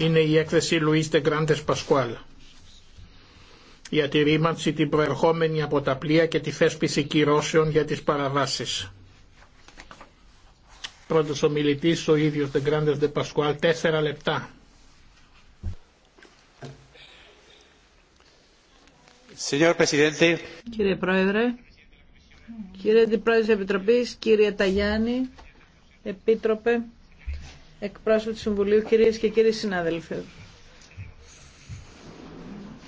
είναι η έκθεση Λουίς Τεγκράντες Πασκουάλ για τη ρήμανση την προερχόμενη από τα πλοία και τη θέσπιση κυρώσεων για τις παραβάσεις. Πρώτος ομιλητής ο ίδιος Τεγκράντες Τε Πασκουάλ, τέσσερα λεπτά. Κύριε Πρόεδρε, κύριε Αντιπρόεδρε της Επιτροπής, κύριε Ταγιάννη, Επίτροπε, εκπρόσωποι του Συμβουλίου, κυρίες και κύριοι συνάδελφοι.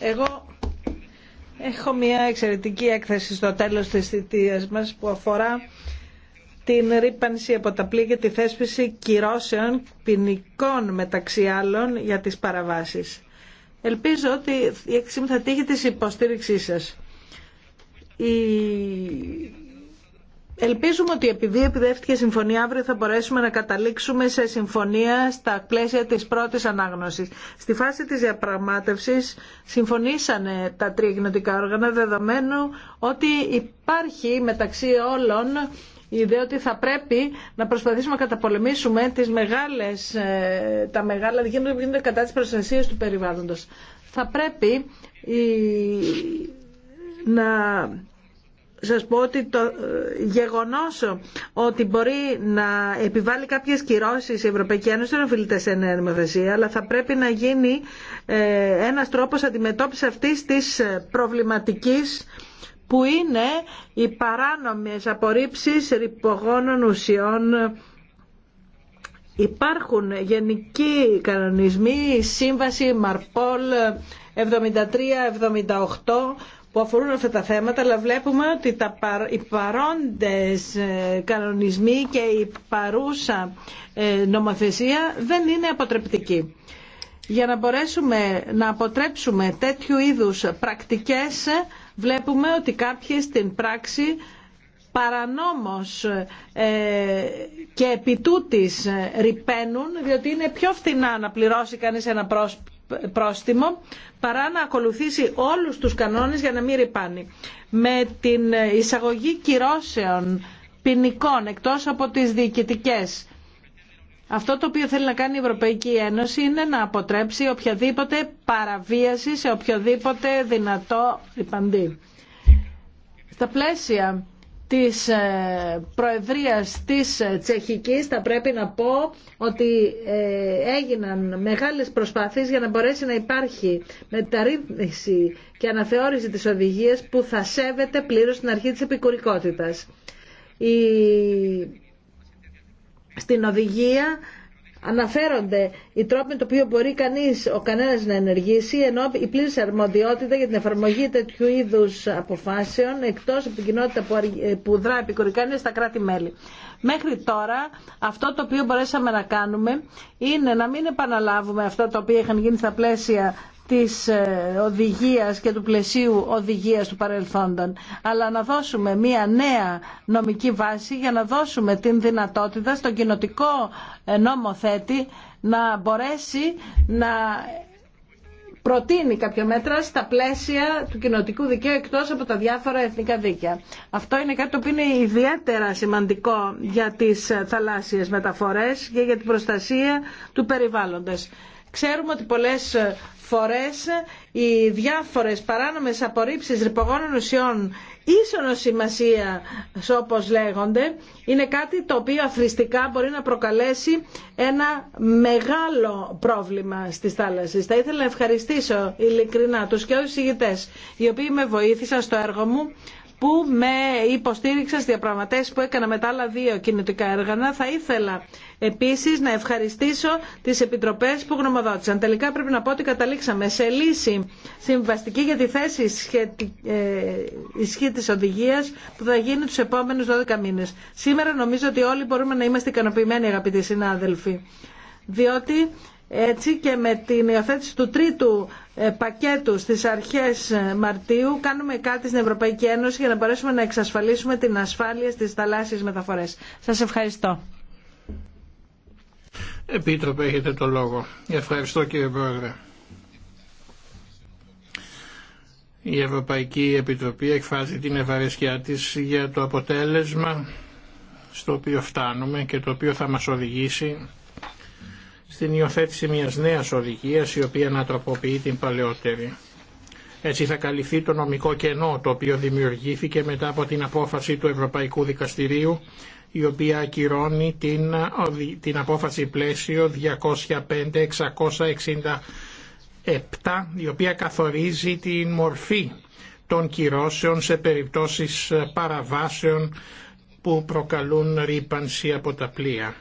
Εγώ έχω μια εξαιρετική έκθεση στο τέλος της θητείας μας που αφορά την ρήπανση από τα πλοία και τη θέσπιση κυρώσεων ποινικών μεταξύ άλλων για τις παραβάσεις. Ελπίζω ότι η έκθεση θα τύχει της υποστήριξής σας. Ελπίζουμε ότι επειδή επιδεύτηκε συμφωνία αύριο θα μπορέσουμε να καταλήξουμε σε συμφωνία στα πλαίσια της πρώτης ανάγνωσης. Στη φάση της διαπραγμάτευσης συμφωνήσανε τα τρία κοινωτικά όργανα δεδομένου ότι υπάρχει μεταξύ όλων η ιδέα ότι θα πρέπει να προσπαθήσουμε να καταπολεμήσουμε τις μεγάλες, ε, τα μεγάλα δικαιώματα που γίνονται κατά της προστασίας του περιβάλλοντος. Θα πρέπει η, να σας πω ότι το ε, γεγονός ότι μπορεί να επιβάλλει κάποιες κυρώσεις η Ευρωπαϊκή Ένωση δεν οφείλεται σε νέα αλλά θα πρέπει να γίνει ε, ένας τρόπος αντιμετώπισης αυτής της ε, προβληματικής που είναι οι παράνομες απορρίψεις ρηπογόνων ουσιών Υπάρχουν γενικοί κανονισμοί, η σύμβαση Μαρπόλ 73-78 που αφορούν αυτά τα θέματα, αλλά βλέπουμε ότι τα, οι παρόντες ε, κανονισμοί και η παρούσα ε, νομοθεσία δεν είναι αποτρεπτική. Για να μπορέσουμε να αποτρέψουμε τέτοιου είδους πρακτικές, βλέπουμε ότι κάποιοι στην πράξη παρανόμως ε, και επί τούτης ρηπαίνουν, διότι είναι πιο φθηνά να πληρώσει κανείς ένα πρόσωπο πρόστιμο παρά να ακολουθήσει όλους τους κανόνες για να μην ρηπάνει. Με την εισαγωγή κυρώσεων ποινικών εκτός από τις διοικητικές αυτό το οποίο θέλει να κάνει η Ευρωπαϊκή Ένωση είναι να αποτρέψει οποιαδήποτε παραβίαση σε οποιοδήποτε δυνατό υπαντή. Στα πλαίσια της ε, Προεδρίας της ε, Τσεχικής θα πρέπει να πω ότι ε, έγιναν μεγάλες προσπάθειες για να μπορέσει να υπάρχει μεταρρύθμιση και αναθεώρηση της οδηγίας που θα σέβεται πλήρως την αρχή της επικουρικότητας. Η... Στην οδηγία αναφέρονται οι τρόποι με το οποίο μπορεί κανείς, ο κανένας να ενεργήσει, ενώ η πλήρης αρμοδιότητα για την εφαρμογή τέτοιου είδους αποφάσεων, εκτός από την κοινότητα που, ε, δρά επικουρικά, είναι στα κράτη-μέλη. Μέχρι τώρα αυτό το οποίο μπορέσαμε να κάνουμε είναι να μην επαναλάβουμε αυτά τα οποία είχαν γίνει στα πλαίσια της ε, οδηγίας και του πλαισίου οδηγίας του παρελθόντων, αλλά να δώσουμε μία νέα νομική βάση για να δώσουμε την δυνατότητα στον κοινοτικό ε, νόμοθέτη να μπορέσει να προτείνει κάποια μέτρα στα πλαίσια του κοινοτικού δικαίου εκτός από τα διάφορα εθνικά δίκαια. Αυτό είναι κάτι που είναι ιδιαίτερα σημαντικό για τις ε, θαλάσσιες μεταφορές και για την προστασία του περιβάλλοντος. Ξέρουμε ότι πολλές φορές οι διάφορες παράνομες απορρίψεις ρηπογόνων ουσιών ίσονος σημασία όπως λέγονται είναι κάτι το οποίο αθρηστικά μπορεί να προκαλέσει ένα μεγάλο πρόβλημα στις θάλασσες. Θα ήθελα να ευχαριστήσω ειλικρινά τους και όλους οι ηγητές οι οποίοι με βοήθησαν στο έργο μου που με υποστήριξε στις διαπραγματεύσεις που έκανα με τα άλλα δύο κινητικά έργανα. Θα ήθελα επίσης να ευχαριστήσω τις επιτροπές που γνωμοδότησαν. Τελικά πρέπει να πω ότι καταλήξαμε σε λύση συμβαστική για τη θέση ε, ισχύ της οδηγίας που θα γίνει τους επόμενους 12 μήνες. Σήμερα νομίζω ότι όλοι μπορούμε να είμαστε ικανοποιημένοι αγαπητοί συνάδελφοι διότι έτσι και με την υιοθέτηση του τρίτου ε, πακέτου στις αρχές ε, Μαρτίου κάνουμε κάτι στην Ευρωπαϊκή Ένωση για να μπορέσουμε να εξασφαλίσουμε την ασφάλεια στις θαλάσσιες μεταφορές. Σας ευχαριστώ. Επίτροπε, έχετε το λόγο. Ευχαριστώ κύριε Πρόεδρε. Η Ευρωπαϊκή Επιτροπή εκφράζει την ευαρεσκιά της για το αποτέλεσμα στο οποίο φτάνουμε και το οποίο θα μας οδηγήσει στην υιοθέτηση μιας νέας οδηγίας η οποία να τροποποιεί την παλαιότερη. Έτσι θα καλυφθεί το νομικό κενό το οποίο δημιουργήθηκε μετά από την απόφαση του Ευρωπαϊκού Δικαστηρίου η οποία ακυρώνει την, την απόφαση πλαίσιο 205-667 η οποία καθορίζει την μορφή των κυρώσεων σε περιπτώσεις παραβάσεων που προκαλούν ρήπανση από τα πλοία.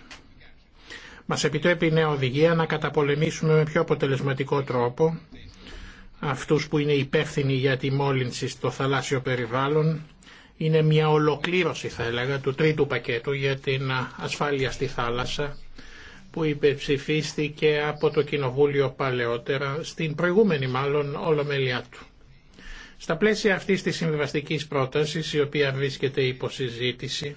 Μα επιτρέπει η νέα οδηγία να καταπολεμήσουμε με πιο αποτελεσματικό τρόπο αυτούς που είναι υπεύθυνοι για τη μόλυνση στο θαλάσσιο περιβάλλον. Είναι μια ολοκλήρωση θα έλεγα του τρίτου πακέτου για την ασφάλεια στη θάλασσα που υπεψηφίστηκε από το Κοινοβούλιο παλαιότερα, στην προηγούμενη μάλλον ολομέλειά του. Στα πλαίσια αυτής της συμβιβαστικής πρότασης, η οποία βρίσκεται υπό συζήτηση,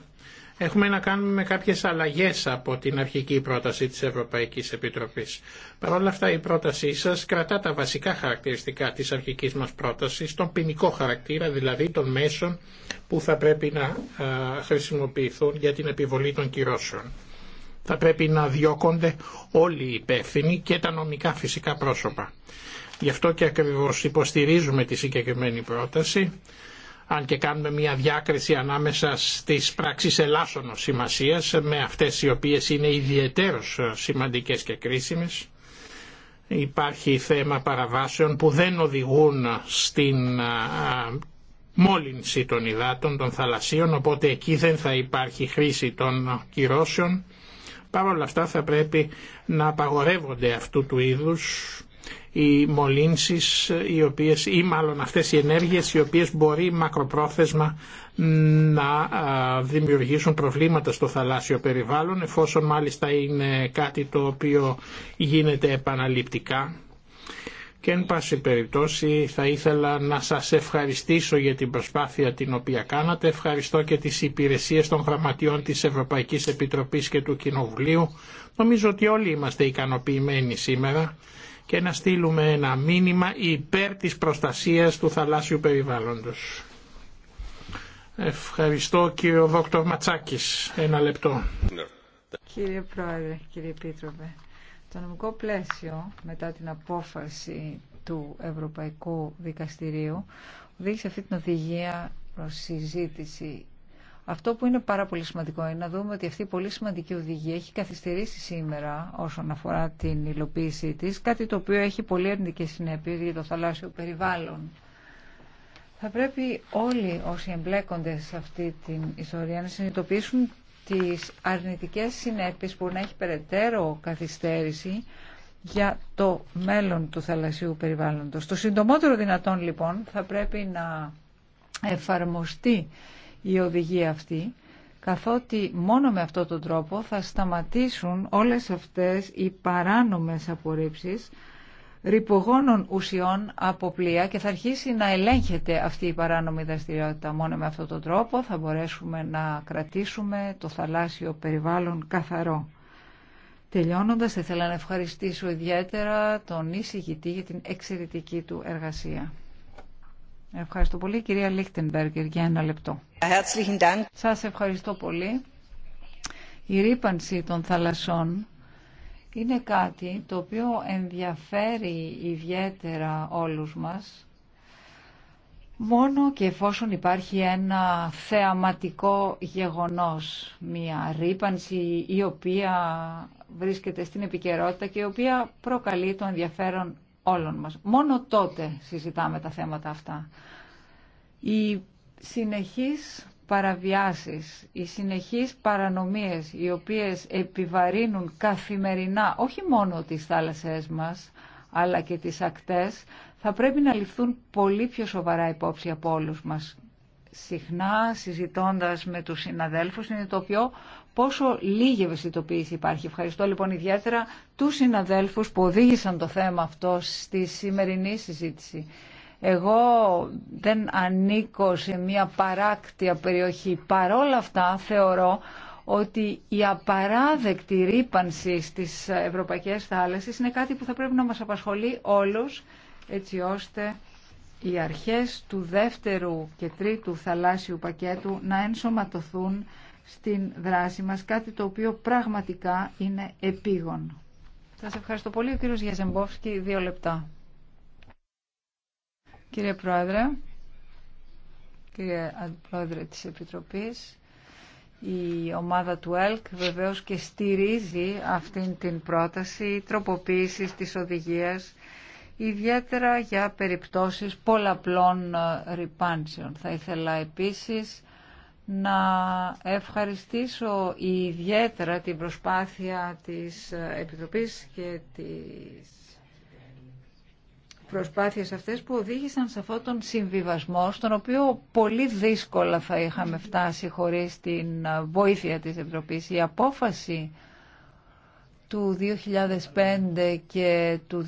έχουμε να κάνουμε με κάποιες αλλαγές από την αρχική πρόταση της Ευρωπαϊκής Επιτροπής. Παρ' όλα αυτά η πρότασή σας κρατά τα βασικά χαρακτηριστικά της αρχικής μας πρότασης, τον ποινικό χαρακτήρα, δηλαδή των μέσων που θα πρέπει να χρησιμοποιηθούν για την επιβολή των κυρώσεων. Θα πρέπει να διώκονται όλοι οι υπεύθυνοι και τα νομικά φυσικά πρόσωπα. Γι' αυτό και ακριβώς υποστηρίζουμε τη συγκεκριμένη πρόταση αν και κάνουμε μια διάκριση ανάμεσα στις πράξεις ελάσσονος σημασίας με αυτές οι οποίες είναι ιδιαιτέρως σημαντικές και κρίσιμες. Υπάρχει θέμα παραβάσεων που δεν οδηγούν στην μόλυνση των υδάτων των θαλασσίων οπότε εκεί δεν θα υπάρχει χρήση των κυρώσεων. Παρ' όλα αυτά θα πρέπει να απαγορεύονται αυτού του είδους οι μολύνσεις οι οποίες, ή μάλλον αυτές οι ενέργειες οι οποίες μπορεί μακροπρόθεσμα να δημιουργήσουν προβλήματα στο θαλάσσιο περιβάλλον εφόσον μάλιστα είναι κάτι το οποίο γίνεται επαναληπτικά και εν πάση περιπτώσει θα ήθελα να σας ευχαριστήσω για την προσπάθεια την οποία κάνατε. Ευχαριστώ και τις υπηρεσίες των γραμματιών της Ευρωπαϊκής Επιτροπής και του Κοινοβουλίου. Νομίζω ότι όλοι είμαστε ικανοποιημένοι σήμερα και να στείλουμε ένα μήνυμα υπέρ της προστασίας του θαλάσσιου περιβάλλοντος. Ευχαριστώ κύριο Δόκτωρ Ματσάκης. Ένα λεπτό. Κύριε Πρόεδρε, κύριε Επίτροπε, το νομικό πλαίσιο μετά την απόφαση του Ευρωπαϊκού Δικαστηρίου οδήγησε αυτή την οδηγία προς συζήτηση αυτό που είναι πάρα πολύ σημαντικό είναι να δούμε ότι αυτή η πολύ σημαντική οδηγία έχει καθυστερήσει σήμερα όσον αφορά την υλοποίησή τη, κάτι το οποίο έχει πολύ αρνητικέ συνέπειες για το θαλάσσιο περιβάλλον. Θα πρέπει όλοι όσοι εμπλέκονται σε αυτή την ιστορία να συνειδητοποιήσουν τι αρνητικέ συνέπειε που να έχει περαιτέρω καθυστέρηση για το μέλλον του θαλασσίου περιβάλλοντος. Το συντομότερο δυνατόν λοιπόν θα πρέπει να εφαρμοστεί η οδηγία αυτή, καθότι μόνο με αυτόν τον τρόπο θα σταματήσουν όλες αυτές οι παράνομες απορρίψεις ρηπογόνων ουσιών από πλοία και θα αρχίσει να ελέγχεται αυτή η παράνομη δραστηριότητα. Μόνο με αυτόν τον τρόπο θα μπορέσουμε να κρατήσουμε το θαλάσσιο περιβάλλον καθαρό. Τελειώνοντας, θα ήθελα να ευχαριστήσω ιδιαίτερα τον εισηγητή για την εξαιρετική του εργασία. Ευχαριστώ πολύ. Κυρία Λίχτενμπεργκερ, για ένα λεπτό. Σας ευχαριστώ πολύ. Η ρήπανση των θαλασσών είναι κάτι το οποίο ενδιαφέρει ιδιαίτερα όλους μας μόνο και εφόσον υπάρχει ένα θεαματικό γεγονός, μια ρήπανση η οποία βρίσκεται στην επικαιρότητα και η οποία προκαλεί το ενδιαφέρον όλων μας. Μόνο τότε συζητάμε τα θέματα αυτά. Οι συνεχείς παραβιάσεις, οι συνεχείς παρανομίες οι οποίες επιβαρύνουν καθημερινά όχι μόνο τις θάλασσές μας αλλά και τις ακτές θα πρέπει να ληφθούν πολύ πιο σοβαρά υπόψη από όλους μας συχνά συζητώντας με τους συναδέλφους πιο πόσο λίγη ευαισθητοποίηση υπάρχει. Ευχαριστώ λοιπόν ιδιαίτερα τους συναδέλφους που οδήγησαν το θέμα αυτό στη σημερινή συζήτηση. Εγώ δεν ανήκω σε μια παράκτια περιοχή. Παρόλα αυτά θεωρώ ότι η απαράδεκτη ρήπανση στις ευρωπαϊκές θάλασσες είναι κάτι που θα πρέπει να μας απασχολεί όλους έτσι ώστε οι αρχές του δεύτερου και τρίτου θαλάσσιου πακέτου να ενσωματωθούν στην δράση μας, κάτι το οποίο πραγματικά είναι επίγον. Σας ευχαριστώ πολύ. Ο κύριος Γιαζεμπόφσκι, δύο λεπτά. Κύριε Πρόεδρε, κύριε Αντιπρόεδρε της Επιτροπής, η ομάδα του ΕΛΚ βεβαίως και στηρίζει αυτήν την πρόταση τροποποίησης της οδηγίας ιδιαίτερα για περιπτώσεις πολλαπλών ε, ρηπάνσεων. Θα ήθελα επίσης να ευχαριστήσω ιδιαίτερα την προσπάθεια της Επιτροπής και της προσπάθειες αυτές που οδήγησαν σε αυτόν τον συμβιβασμό, στον οποίο πολύ δύσκολα θα είχαμε φτάσει χωρίς την βοήθεια της Επιτροπής. Η απόφαση του 2005 και του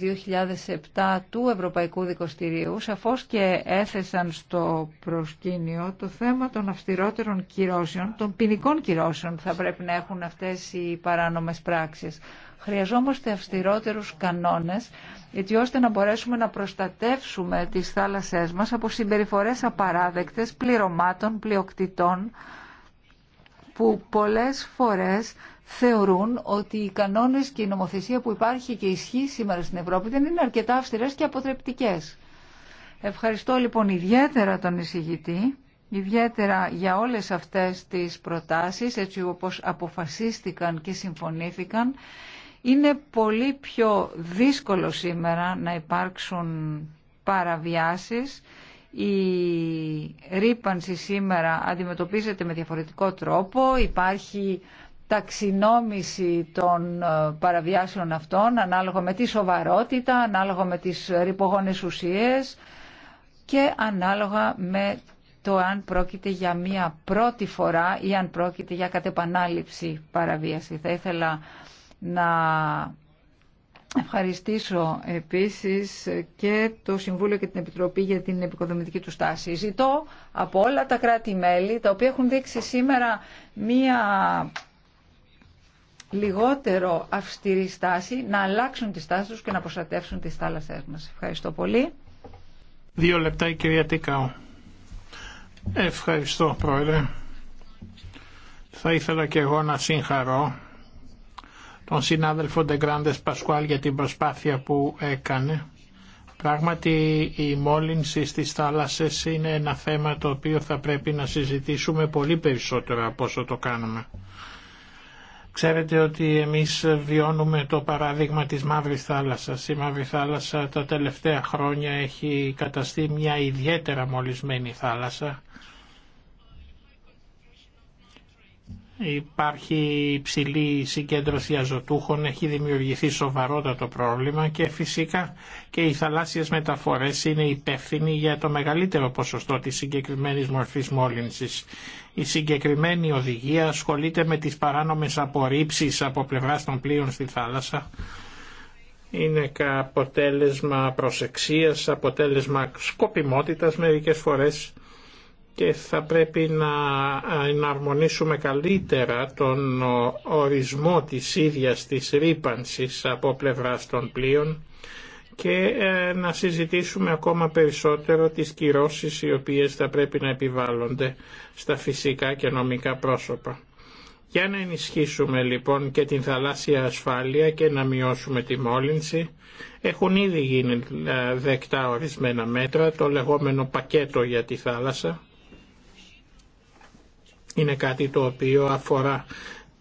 2007 του Ευρωπαϊκού Δικοστηρίου σαφώς και έθεσαν στο προσκήνιο το θέμα των αυστηρότερων κυρώσεων, των ποινικών κυρώσεων θα πρέπει να έχουν αυτές οι παράνομες πράξεις. Χρειαζόμαστε αυστηρότερους κανόνες έτσι ώστε να μπορέσουμε να προστατεύσουμε τις θάλασσές μας από συμπεριφορές απαράδεκτες πληρωμάτων, πλειοκτητών που πολλές φορές θεωρούν ότι οι κανόνες και η νομοθεσία που υπάρχει και ισχύει σήμερα στην Ευρώπη δεν είναι αρκετά αυστηρές και αποτρεπτικές. Ευχαριστώ λοιπόν ιδιαίτερα τον εισηγητή, ιδιαίτερα για όλες αυτές τις προτάσεις, έτσι όπως αποφασίστηκαν και συμφωνήθηκαν. Είναι πολύ πιο δύσκολο σήμερα να υπάρξουν παραβιάσεις. Η ρήπανση σήμερα αντιμετωπίζεται με διαφορετικό τρόπο. Υπάρχει ταξινόμηση των ε, παραβιάσεων αυτών ανάλογα με τη σοβαρότητα, ανάλογα με τις ρηπογόνες ουσίες και ανάλογα με το αν πρόκειται για μία πρώτη φορά ή αν πρόκειται για κατεπανάληψη παραβίαση. Θα ήθελα να ευχαριστήσω επίσης και το Συμβούλιο και την Επιτροπή για την επικοδομητική του στάση. Ζητώ από όλα τα κράτη-μέλη, τα οποία έχουν δείξει σήμερα μία λιγότερο αυστηρή στάση, να αλλάξουν τη στάση τους και να προστατεύσουν τις θάλασσές μας. Ευχαριστώ πολύ. Δύο λεπτά η κυρία Τίκαου. Ευχαριστώ πρόεδρε. Θα ήθελα και εγώ να συγχαρώ τον συνάδελφο Ντεγκράντες Πασκουάλ για την προσπάθεια που έκανε. Πράγματι η μόλυνση στις θάλασσες είναι ένα θέμα το οποίο θα πρέπει να συζητήσουμε πολύ περισσότερο από όσο το κάνουμε. Ξέρετε ότι εμείς βιώνουμε το παράδειγμα της Μαύρης Θάλασσας. Η Μαύρη Θάλασσα τα τελευταία χρόνια έχει καταστεί μια ιδιαίτερα μολυσμένη θάλασσα Υπάρχει υψηλή αζωτούχων, έχει δημιουργηθεί σοβαρότατο πρόβλημα και φυσικά και οι θαλάσσιες μεταφορές είναι υπεύθυνοι για το μεγαλύτερο ποσοστό της συγκεκριμένης μορφής μόλυνσης. Η συγκεκριμένη οδηγία ασχολείται με τις παράνομες απορρίψεις από πλευράς των πλοίων στη θάλασσα. Είναι αποτέλεσμα προσεξίας, αποτέλεσμα σκοπιμότητας μερικές φορές και θα πρέπει να εναρμονίσουμε καλύτερα τον ορισμό της ίδιας της ρήπανση από πλευράς των πλοίων και ε, να συζητήσουμε ακόμα περισσότερο τις κυρώσεις οι οποίες θα πρέπει να επιβάλλονται στα φυσικά και νομικά πρόσωπα. Για να ενισχύσουμε λοιπόν και την θαλάσσια ασφάλεια και να μειώσουμε τη μόλυνση, έχουν ήδη γίνει ε, δεκτά ορισμένα μέτρα, το λεγόμενο πακέτο για τη θάλασσα, είναι κάτι το οποίο αφορά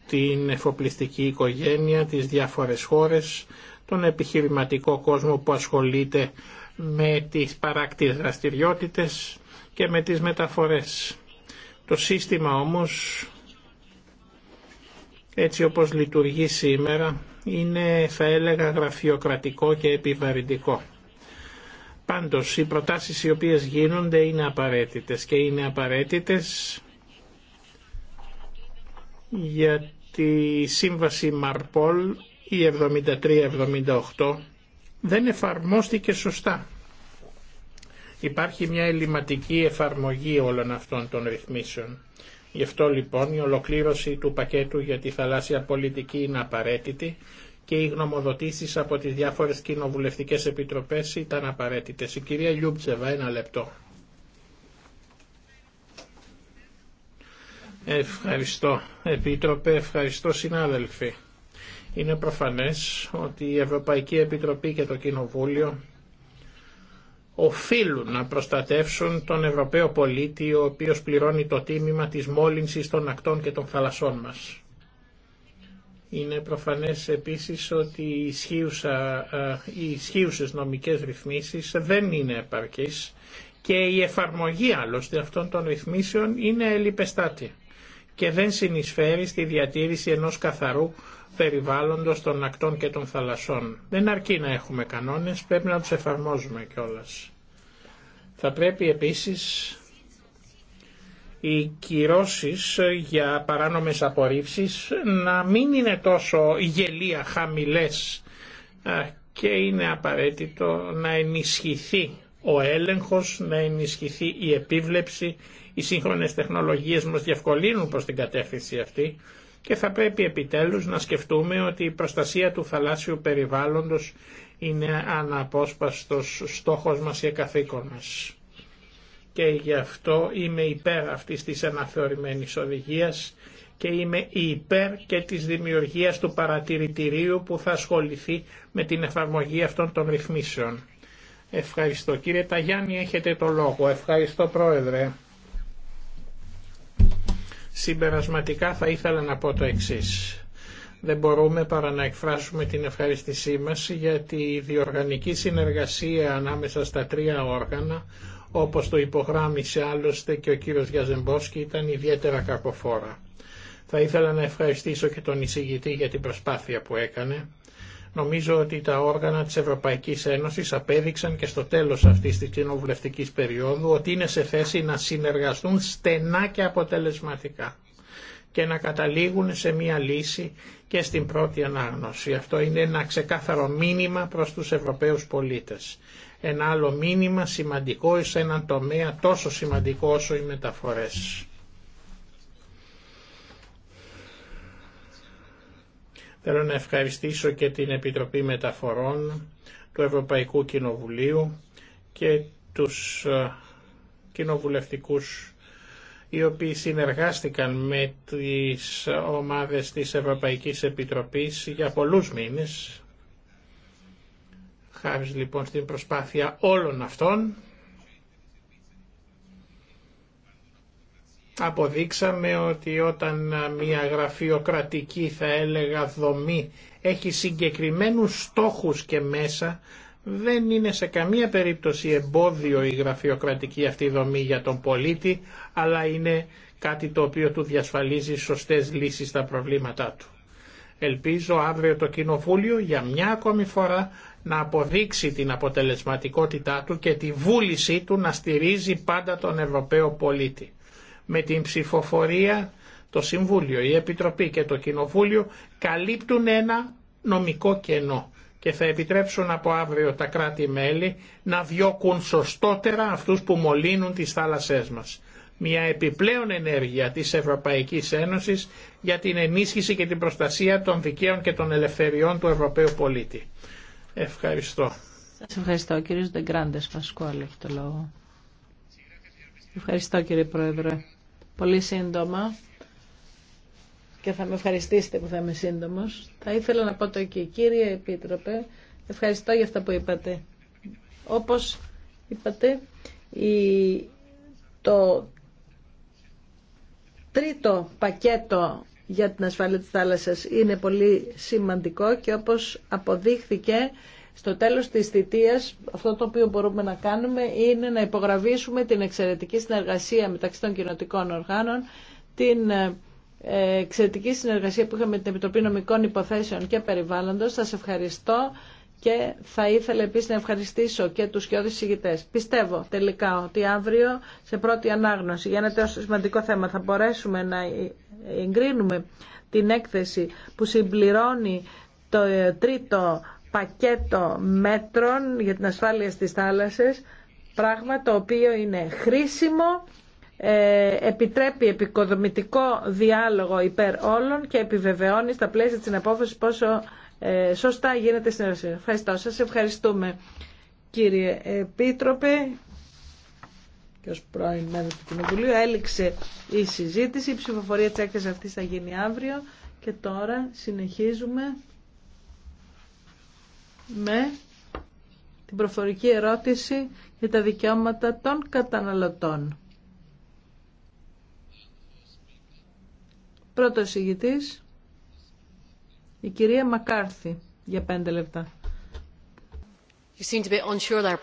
την εφοπλιστική οικογένεια, τις διάφορες χώρες, τον επιχειρηματικό κόσμο που ασχολείται με τις παράκτιες δραστηριότητες και με τις μεταφορές. Το σύστημα όμως έτσι όπως λειτουργεί σήμερα είναι θα έλεγα γραφειοκρατικό και επιβαρυντικό. Πάντως οι προτάσεις οι οποίες γίνονται είναι απαραίτητες και είναι απαραίτητες για τη σύμβαση Μαρπόλ η 73-78 δεν εφαρμόστηκε σωστά. Υπάρχει μια ελληματική εφαρμογή όλων αυτών των ρυθμίσεων. Γι' αυτό λοιπόν η ολοκλήρωση του πακέτου για τη θαλάσσια πολιτική είναι απαραίτητη και οι γνωμοδοτήσεις από τις διάφορες κοινοβουλευτικές επιτροπές ήταν απαραίτητες. Η κυρία Λιούμπτσεβα, ένα λεπτό. Ευχαριστώ Επίτροπε, ευχαριστώ συνάδελφοι. Είναι προφανές ότι η Ευρωπαϊκή Επιτροπή και το Κοινοβούλιο οφείλουν να προστατεύσουν τον Ευρωπαίο πολίτη ο οποίος πληρώνει το τίμημα της μόλυνσης των ακτών και των θαλασσών μας. Είναι προφανές επίσης ότι οι, ισχύουσα, οι ισχύουσες νομικές ρυθμίσεις δεν είναι επαρκείς και η εφαρμογή άλλωστε αυτών των ρυθμίσεων είναι ελιπεστάτη και δεν συνεισφέρει στη διατήρηση ενός καθαρού περιβάλλοντος των ακτών και των θαλασσών. Δεν αρκεί να έχουμε κανόνες, πρέπει να τους εφαρμόζουμε κιόλας. Θα πρέπει επίσης οι κυρώσεις για παράνομες απορρίψεις να μην είναι τόσο γελία, χαμηλές και είναι απαραίτητο να ενισχυθεί ο έλεγχος, να ενισχυθεί η επίβλεψη. Οι σύγχρονες τεχνολογίες μας διευκολύνουν προς την κατεύθυνση αυτή και θα πρέπει επιτέλους να σκεφτούμε ότι η προστασία του θαλάσσιου περιβάλλοντος είναι αναπόσπαστος στόχος μας και καθήκον μας. Και γι' αυτό είμαι υπέρ αυτής της αναθεωρημένης οδηγίας και είμαι υπέρ και της δημιουργίας του παρατηρητηρίου που θα ασχοληθεί με την εφαρμογή αυτών των ρυθμίσεων. Ευχαριστώ. Κύριε Ταγιάννη, έχετε το λόγο. Ευχαριστώ, Πρόεδρε. Συμπερασματικά θα ήθελα να πω το εξής. Δεν μπορούμε παρά να εκφράσουμε την ευχαριστησή μας για τη διοργανική συνεργασία ανάμεσα στα τρία όργανα, όπως το υπογράμμισε άλλωστε και ο κύριος Γιαζεμπόσκη, ήταν ιδιαίτερα κακοφόρα. Θα ήθελα να ευχαριστήσω και τον εισηγητή για την προσπάθεια που έκανε Νομίζω ότι τα όργανα της Ευρωπαϊκής Ένωσης απέδειξαν και στο τέλος αυτής της κοινοβουλευτικής περίοδου ότι είναι σε θέση να συνεργαστούν στενά και αποτελεσματικά και να καταλήγουν σε μία λύση και στην πρώτη ανάγνωση. Αυτό είναι ένα ξεκάθαρο μήνυμα προς τους Ευρωπαίους πολίτες. Ένα άλλο μήνυμα σημαντικό σε έναν τομέα τόσο σημαντικό όσο οι μεταφορές. Θέλω να ευχαριστήσω και την Επιτροπή Μεταφορών του Ευρωπαϊκού Κοινοβουλίου και τους ε, κοινοβουλευτικούς οι οποίοι συνεργάστηκαν με τις ομάδες της Ευρωπαϊκής Επιτροπής για πολλούς μήνες. Χάρης λοιπόν στην προσπάθεια όλων αυτών Αποδείξαμε ότι όταν μια γραφειοκρατική θα έλεγα δομή έχει συγκεκριμένους στόχους και μέσα δεν είναι σε καμία περίπτωση εμπόδιο η γραφειοκρατική αυτή δομή για τον πολίτη αλλά είναι κάτι το οποίο του διασφαλίζει σωστές λύσεις στα προβλήματά του. Ελπίζω αύριο το Κοινοβούλιο για μια ακόμη φορά να αποδείξει την αποτελεσματικότητά του και τη βούλησή του να στηρίζει πάντα τον Ευρωπαίο πολίτη με την ψηφοφορία το Συμβούλιο, η Επιτροπή και το Κοινοβούλιο καλύπτουν ένα νομικό κενό και θα επιτρέψουν από αύριο τα κράτη-μέλη να διώκουν σωστότερα αυτούς που μολύνουν τις θάλασσές μας. Μια επιπλέον ενέργεια της Ευρωπαϊκής Ένωσης για την ενίσχυση και την προστασία των δικαίων και των ελευθεριών του Ευρωπαίου πολίτη. Ευχαριστώ. Σας ευχαριστώ. κύριε Ντεγκράντες λόγο. Ευχαριστώ κύριε Πρόεδρε πολύ σύντομα και θα με ευχαριστήσετε που θα είμαι σύντομος. Θα ήθελα να πω το εκεί. Κύριε Επίτροπε, ευχαριστώ για αυτά που είπατε. Όπως είπατε, η... το τρίτο πακέτο για την ασφάλεια της θάλασσας είναι πολύ σημαντικό και όπως αποδείχθηκε στο τέλος της θητείας αυτό το οποίο μπορούμε να κάνουμε είναι να υπογραβήσουμε την εξαιρετική συνεργασία μεταξύ των κοινοτικών οργάνων, την ε, εξαιρετική συνεργασία που είχαμε με την Επιτροπή Νομικών Υποθέσεων και Περιβάλλοντος. Σας ευχαριστώ και θα ήθελα επίσης να ευχαριστήσω και τους και ηγητές. Πιστεύω τελικά ότι αύριο σε πρώτη ανάγνωση για ένα τόσο σημαντικό θέμα θα μπορέσουμε να ε, εγκρίνουμε την έκθεση που συμπληρώνει το ε, τρίτο πακέτο μέτρων για την ασφάλεια στις θάλασσες, πράγμα το οποίο είναι χρήσιμο, ε, επιτρέπει επικοδομητικό διάλογο υπέρ όλων και επιβεβαιώνει στα πλαίσια της απόφαση πόσο ε, σωστά γίνεται στην συνεργασία. Ευχαριστώ σας, ευχαριστούμε κύριε Επίτροπε και ως πρώην του Κοινοβουλίου. Έληξε η συζήτηση, η ψηφοφορία της έκθεσης αυτής θα γίνει αύριο και τώρα συνεχίζουμε με την προφορική ερώτηση για τα δικαιώματα των καταναλωτών. Πρώτος ηγητής, η κυρία Μακάρθη, για πέντε λεπτά. You seem